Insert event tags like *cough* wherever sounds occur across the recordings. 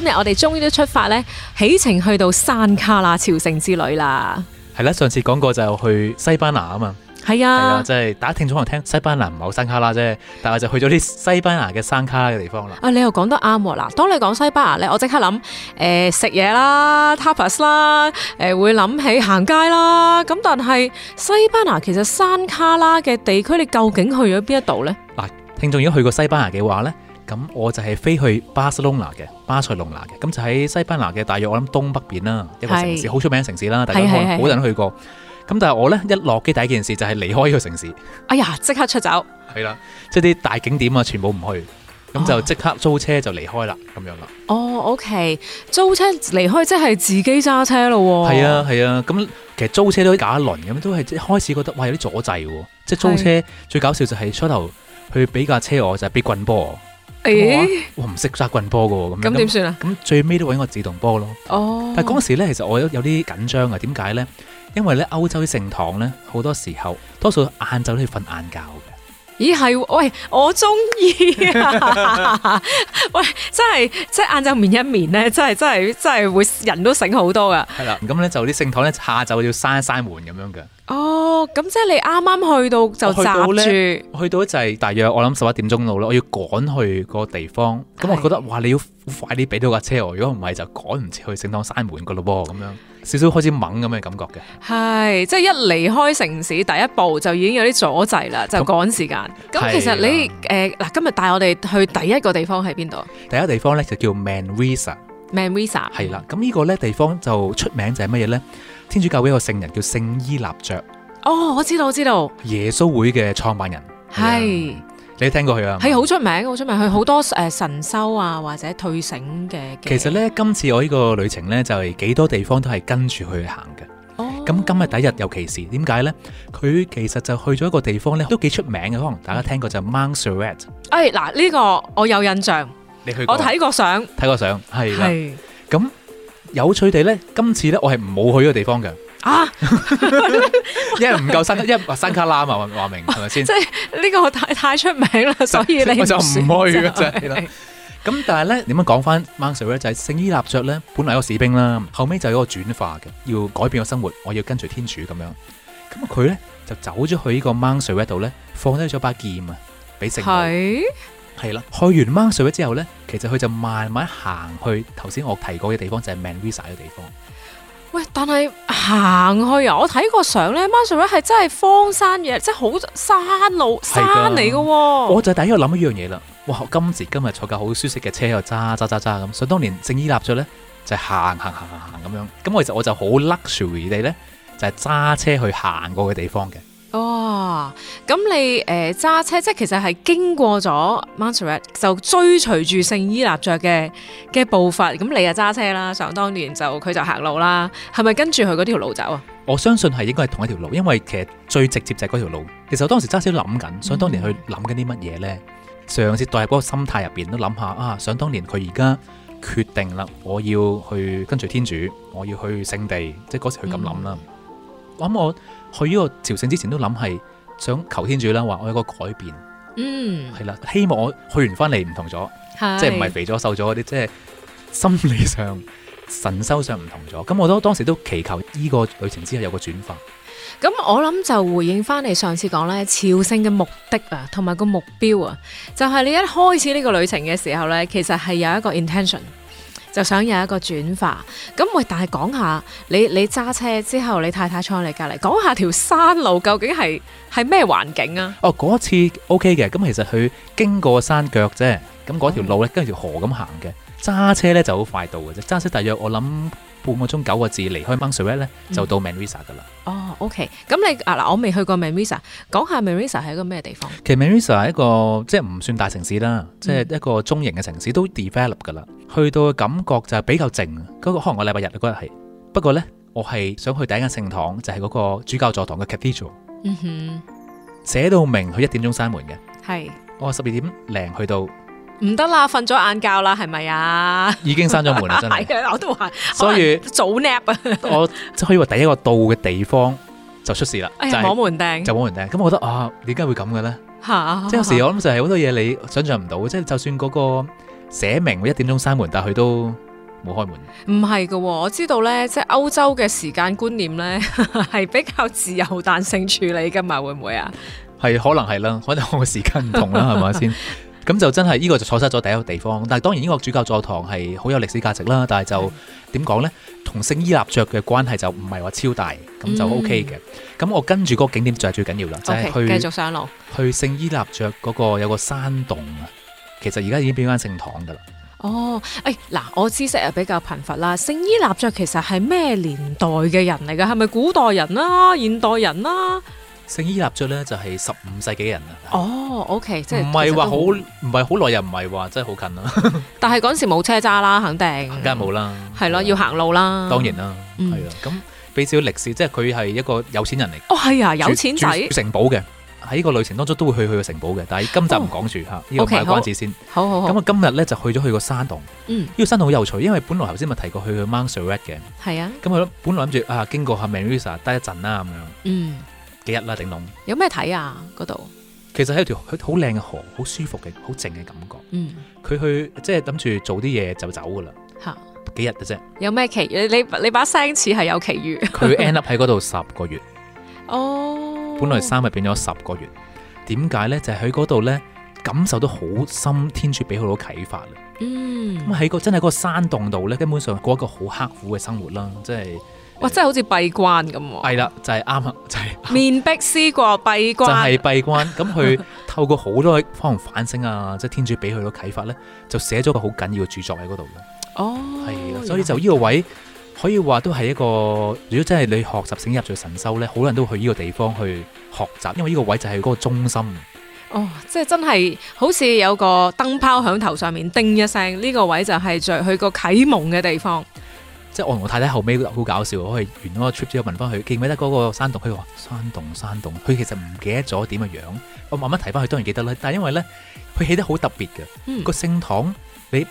今日我哋終於都出發咧，起程去到山卡拉朝聖之旅啦。係啦、啊，上次講過就去西班牙啊嘛。係啊，即係大家聽眾嚟聽西班牙唔係好山卡拉啫，但係就去咗啲西班牙嘅山卡拉嘅地方啦。啊，你又講得啱喎。嗱，當你講西班牙咧，我即刻諗誒食嘢啦，tapas 啦，誒、呃、會諗起行街啦。咁但係西班牙其實山卡拉嘅地區，你究竟去咗邊一度咧？嗱，聽眾如果去過西班牙嘅話咧？咁我就係飛去巴塞隆拿嘅，巴塞隆拿嘅，咁就喺西班牙嘅大約我諗東北邊啦，一個城市好出名嘅城市啦，大家都可能好多人去過。咁但係我呢一落機第一件事就係離開呢個城市，哎呀，即刻出走，係啦，即係啲大景點啊，全部唔去，咁就即刻租車就離開啦，咁、哦、樣啦。哦，OK，租車離開即係自己揸車咯、哦，係啊，係啊，咁其實租車都假一輪咁，都係即係開始覺得喂，有啲阻滯、啊，即係租車最搞笑就係初頭去俾架車我就係、是、俾棍波我。我唔識揸棍波嘅喎，咁點算啊？咁最尾都揾個自動波咯。哦、oh.！但係嗰陣時咧，其實我都有啲緊張嘅。點解咧？因為咧歐洲啲聖堂咧，好多時候多數晏晝都要瞓晏覺嘅。咦係？喂，我中意啊！ *laughs* 喂，真係即係晏晝眠一眠咧，真係真係真係會人都醒好多㗎。係啦，咁咧就啲聖堂咧，下晝要閂一閂門咁樣嘅。哦，咁即係你啱啱去到就閘住，去到就係大約我諗十一點鐘度啦，我要趕去個地方，咁我覺得哇，你要快啲俾到架車我，如果唔係就趕唔切去聖堂閂門噶咯噃，咁樣少少開始猛咁嘅感覺嘅。係，即係一離開城市第一步就已經有啲阻滯啦，就趕時間。咁其實你誒嗱，今日帶我哋去第一個地方喺邊度？第一個地方咧就叫 Manresa。Manresa。係啦，咁呢個咧地方就出名就係乜嘢咧？天主教會一個聖人叫聖依納爵。哦，我知道，我知道。耶穌會嘅創辦人係。啊，你聽過佢啊？係好出名，好出名。佢好多誒、呃、神修啊，或者退省嘅。其實咧，今次我呢個旅程咧，就係、是、幾多地方都係跟住佢行嘅。哦。咁今日第一日，尤其是點解咧？佢其實就去咗一個地方咧，都幾出名嘅。可能大家聽過、嗯、就是、Montserrat。哎，嗱，呢個我有印象。你去過？我睇過相。睇過相，係。係。咁。有趣地咧，今次咧我係冇去呢個地方嘅。啊，因為唔夠新一或新卡啦嘛，話明係咪先？即係呢個太太出名啦，所以我就唔去啦。真係。咁但係咧，點樣講翻？Manresa 咧就係聖依納爵咧，本嚟個士兵啦，後尾就係一個轉化嘅，要改變個生活，我要跟隨天主咁樣。咁佢咧就走咗去呢個 Manresa 度咧，放低咗把劍啊，俾聖依。係。係啦，去完 Montserrat 之後咧，其實佢就慢慢行去頭先我提過嘅地方，就係 Manresa 嘅地方。喂，但係行去啊！我睇過相咧，Montserrat 係真係荒山野，即係好山路山嚟嘅。我就突然間諗一樣嘢啦，哇！今時今日坐架好舒適嘅車又揸揸揸揸咁，想當年聖依納爵咧就係行行行行行咁樣。咁其實我就好 luxury 地咧就係揸車去行過嘅地方嘅。哇、哦！咁你誒揸、呃、車，即係其實係經過咗 Manresa 就追隨住聖依納爵嘅嘅步伐。咁你啊揸車啦，想當年就佢就行路啦，係咪跟住佢嗰條路走啊？我相信係應該係同一條路，因為其實最直接就係嗰條路。其實我當時揸係少諗緊，想當年去諗緊啲乜嘢呢？嗯、上次代入嗰個心態入邊都諗下啊，想當年佢而家決定啦，我要去跟住天主，我要去聖地，即係嗰時佢咁諗啦。嗯嗯咁我，我去呢個朝聖之前都諗係想求天主啦，話我有個改變，嗯，係啦，希望我去完翻嚟唔同咗，即係唔係肥咗瘦咗嗰啲，即係心理上、神修上唔同咗。咁我都當時都祈求呢個旅程之後有個轉化。咁我諗就回應翻嚟上次講咧，朝聖嘅目的啊，同埋個目標啊，就係、是、你一開始呢個旅程嘅時候咧，其實係有一個 intention。就想有一個轉化，咁喂，但係講下你你揸車之後，你太太坐喺你隔籬，講下條山路究竟係係咩環境啊？哦，嗰次 O K 嘅，咁其實佢經過山腳啫，咁嗰條路咧跟住條河咁行嘅，揸、哦、車咧就好快到嘅啫，揸車大約我諗。半個鐘九個字離開 Montserrat 咧，就到 Manresa 噶啦。哦，OK，咁你啊嗱，我未去過 Manresa，講下 Manresa 係一個咩地方？其實 Manresa 係一個即係唔算大城市啦，即係一個中型嘅城市，都 develop 噶啦。去到嘅感覺就係比較靜，嗰個可能我禮拜日嗰日係。不過咧，我係想去第一間聖堂，就係嗰個主教座堂嘅 Cathedral。嗯哼，寫到明佢一點鐘閂門嘅，係我十二點零去到。唔得啦，瞓咗晏覺啦，係咪啊？已經閂咗門啦，真係。係 *laughs* 啊，我都話。所以早 nap 啊。我即係可以話，第一個到嘅地方就出事啦，哎。就冇、是、門掟。就冇門掟。咁我覺得啊，點解會咁嘅咧？即係有時候、啊、我諗就係好多嘢你想象唔到，即、啊、係就算嗰個寫明一點鐘閂門，但係佢都冇開門的。唔係噶，我知道咧，即係歐洲嘅時間觀念咧係 *laughs* 比較自由彈性處理噶嘛，會唔會啊？係可能係啦，可能我嘅時間唔同啦，係咪先。咁就真係呢、這個就錯失咗第一個地方，但係當然呢個主教座堂係好有歷史價值啦，但係就點講、嗯、呢？同聖依納爵嘅關係就唔係話超大，咁就 O K 嘅。咁、嗯、我跟住個景點就係最緊要啦，就係、去繼、okay, 續上路，去聖依納爵嗰個有個山洞啊。其實而家已經變返聖堂噶啦。哦，誒、哎、嗱，我知識又比較貧乏啦。聖依納爵其實係咩年代嘅人嚟噶？係咪古代人啦、啊？現代人啦、啊？聖依納爵咧就係十五世紀人啦。哦、oh,，OK，即係唔係話好唔係好耐，又唔係話真係好近啦。但係嗰陣時冇車揸啦，肯定梗係冇啦。係咯，要行路啦。當然啦，係啊。咁俾少少歷史，即係佢係一個有錢人嚟，嗯。哦，係啊，有錢仔。城堡嘅，喺呢個旅程當中都會去去個城堡嘅，但係今集唔講住吓，呢、oh, okay, 啊這個賣關子先。好好好。咁啊，今日咧就去咗去個山洞。呢、嗯這個山洞好有趣，因為本來頭先咪提過去去 Montserrat 嘅。係啊。咁我本來諗住啊，經過下 Manresa，待一陣啦，咁樣。嗯。幾日啦、啊，頂龍？有咩睇啊？嗰度其實係一條好靚嘅河，好舒服嘅，好靜嘅感覺。嗯，佢去即係諗住做啲嘢就走噶啦。吓，幾日嘅啫？有咩奇？你你把聲似係有奇遇？佢 end up 喺嗰度十個月。哦，本來三日變咗十個月，點解咧？就喺嗰度咧，感受到好深天主俾佢好多啟發。嗯，咁喺、嗰個真係嗰個山洞度咧，根本上過一個好刻苦嘅生活啦，即係。哇！真係好似閉關咁喎、啊，係啦，就係啱啊，就係、是、面壁思過閉關，就係、是、閉關。咁 *laughs* 佢透過好多嘅方程反省啊，即、就、係、是、天主俾佢個啟發咧，就寫咗個好緊要嘅著作喺嗰度嘅。哦，係啦，所以就呢個位可以話都係一個、嗯，如果真係你學習聖依納爵神修咧，好多人都去呢個地方去學習，因為呢個位就係嗰個中心。哦，即係真係好似有個燈泡響頭上面叮一聲，呢、這個位就係在佢個啟蒙嘅地方。即我同我太太後尾好搞笑，我係完嗰個 trip 之後問翻佢記唔記得嗰個山洞，佢話山洞山洞，佢其實唔記得咗點嘅樣。我慢慢提翻佢，當然記得啦。但係因為咧，佢起得好特別嘅，嗯個聖堂你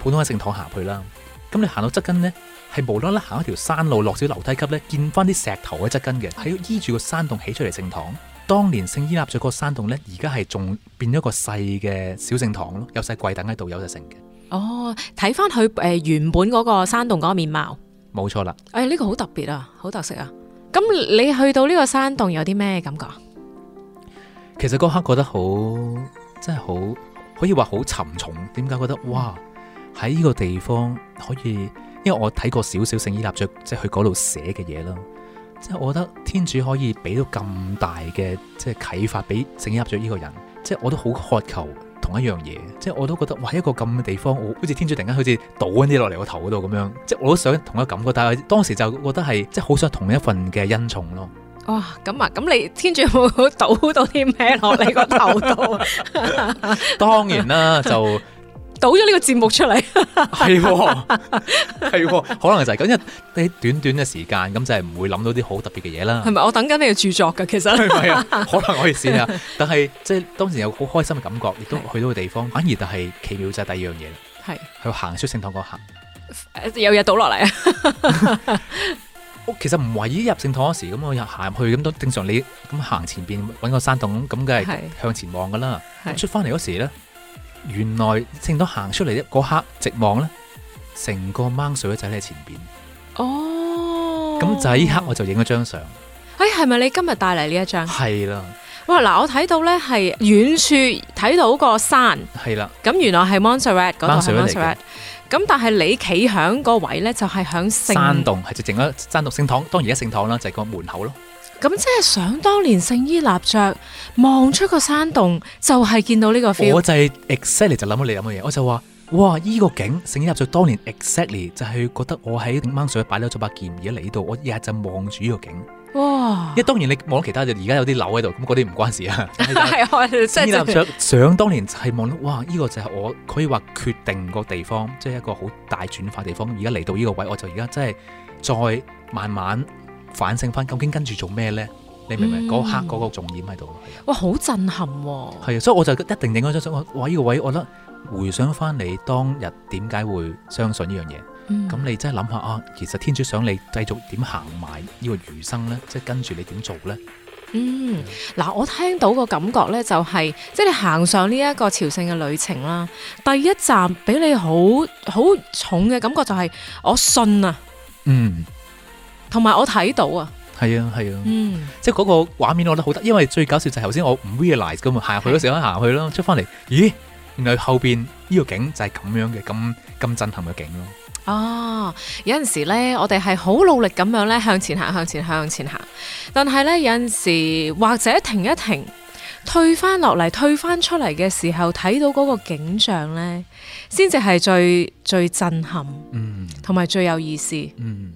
普通嘅聖堂行去啦。咁你行到側根咧，係無啦啦行一條山路落小樓梯級咧，見翻啲石頭嘅側根嘅，係要依住個山洞起出嚟聖堂。當年聖依納爵個山洞呢，而家係仲變咗個細嘅小聖堂咯，有細櫃凳喺度，有就成嘅。哦，睇翻佢誒原本嗰個山洞嗰個面貌，冇錯啦。哎，呢個好特別啊，好特色啊！咁你去到呢個山洞有啲咩感覺？其實嗰刻覺得好，真係好，可以話好沉重。點解覺得哇？喺呢個地方可以，因為我睇過少少聖依納爵，即係去嗰度寫嘅嘢啦。即係我覺得天主可以俾到咁大嘅，即係啟發，俾整入咗呢個人，即係我都好渴求同一樣嘢，即係我都覺得哇一個咁嘅地方，我好似天主突然間好似倒啲落嚟個頭嗰度咁樣，即係我都想同一感覺，但係當時就覺得係即係好想同一份嘅恩寵咯。哇、哦，咁啊，咁你天主有冇倒到啲咩落你個頭度？ *laughs* *laughs* *laughs* 當然啦，就。倒咗呢個節目出嚟， *laughs* 係係可能就係咁，因為短短嘅時間咁就係唔會諗到啲好特別嘅嘢啦。係咪？我等緊你嘅著作噶，其實係咪啊？可能可以試下， *laughs* 但係即係當時有好開心嘅感覺，亦都去到個地方是，反而就係奇妙就係第二樣嘢。係去行出聖堂嗰行，呃，有嘢倒落嚟啊！ *laughs* *laughs* 其實唔為意入聖堂嗰時咁，我行入去咁都正常你走。你咁行前邊搵個山洞咁，梗係向前望噶啦。出翻嚟嗰時咧。原來正到行出嚟咧，嗰刻直望咧，成個掹水仔喺前邊。哦，咁仔刻我就影咗張相。哎，係咪你今日帶嚟呢一張？係啦。哇，嗱，我睇到咧係遠處睇到個山。係啦。咁原來係 Montserrat 嗰度係 Montserrat。咁但係你企響個位咧，就係響聖山洞，係直直啦，山洞聖堂，當然而家聖堂啦，就係個門口咯。咁即係想當年聖依納爵望出個山洞，哦、就係、是、見到呢個 feel 我就係 exactly 就諗到你諗嘅嘢，我就話、exactly，哇！呢、這個景聖依納爵當年 exactly 就係覺得我喺掹水擺咗咗把劍而家嚟度，我日日就望住呢個景。哇！一當然你望到其他就而家有啲樓喺度，咁嗰啲唔關事啊。係我 *laughs* 聖依納爵想當年係望到，哇！呢、這個就係我可以話決定個地方，即、就、係、是、一個好大轉化地方。而家嚟到呢個位，我就而家真係再慢慢。反省翻，究竟跟住做咩咧？你明唔明？嗰刻嗰個重演喺度。哇，好震撼。係啊，所以我就一定影咗張相。我話呢個位，我覺得，回想翻你當日點解會相信呢樣嘢。咁你真係諗下啊，其實天主想你繼續點行埋呢個餘生咧？即係跟住你點做咧？嗯，嗱，我聽到個感覺咧，就係即係你行上呢一個朝聖嘅旅程啦。第一站俾你好好重嘅感覺就係我信啊。嗯。同埋我睇到啊，係啊，係啊，嗯，即係嗰個畫面我覺得好得，因為最搞笑就係頭先我唔 realize 噶嘛，行去嗰時咁行去咯，出翻嚟，咦，原來後邊呢個景就係咁樣嘅，咁咁震撼嘅景咯。哦，有陣時咧，我哋係好努力咁樣咧向前行，向前，向前行，但係咧，有陣時或者停一停，退翻落嚟，退翻出嚟嘅時候，睇到嗰個景象咧，先至係最最震撼，嗯，同埋最有意思，嗯。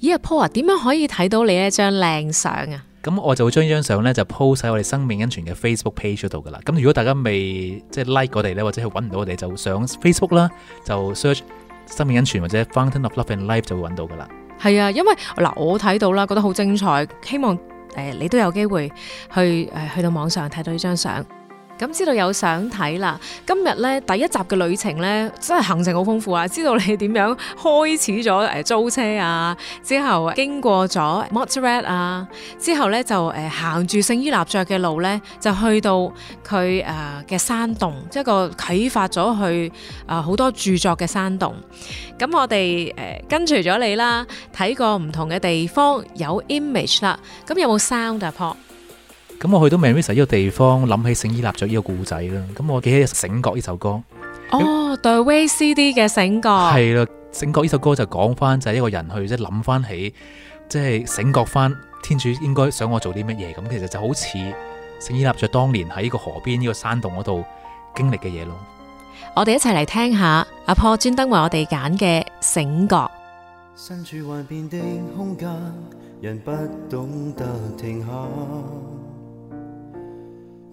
咦，阿 Paul 啊，點樣可以睇到你一張靚相啊？咁我就會將呢張相咧就 post 喺我哋生命恩泉嘅 Facebook page 度噶啦。咁如果大家未即係 like 我哋咧，或者係搵唔到我哋，就上 Facebook 啦，就 search 生命恩泉或者 Fountain of Love and Life 就會搵到噶啦。係啊，因為嗱，我睇到啦，覺得好精彩，希望誒、呃、你都有機會去誒、呃、去到網上睇到呢張相。咁知道有相睇啦，今日咧第一集嘅旅程咧，真係行程好豐富啊！知道你點樣開始咗誒租車啊，之後經過咗 Montserrat 啊，之後咧就誒行住聖依納爵嘅路咧，就去到佢誒嘅山洞，即係一個啟發咗佢好多著作嘅山洞。咁我哋誒跟隨咗你啦，睇過唔同嘅地方有 image 啦，咁有冇 sound 啊，Pop？咁我去到 Manresa 呢個地方，諗起聖依納爵呢個故仔啦。咁我記起《醒覺》呢首歌哦，對 Wasted 嘅《醒覺》係啦，《醒覺》呢首歌就講翻就係一個人去即係諗翻起，即、就、係、是、醒覺翻天主應該想我做啲乜嘢咁。其實就好似聖依納爵當年喺呢個河邊呢、這個山洞嗰度經歷嘅嘢咯。我哋一齊嚟聽下阿破專登為我哋揀嘅《醒覺》。身處幻變的空間，人不懂得停下。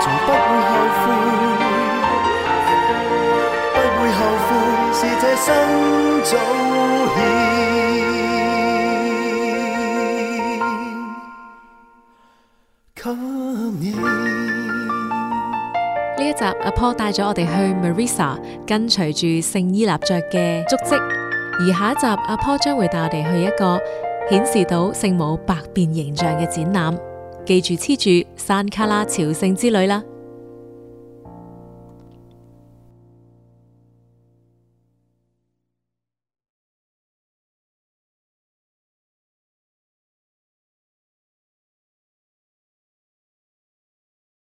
從不會後悔，不會後悔，是這心早獻給你。呢一集阿婆帶咗我哋去 Manresa，跟隨住聖依納爵嘅足跡。而下一集阿婆將會帶我哋去一個顯示到聖母百變形象嘅展覽。記住黐住山卡拉朝聖之旅啦！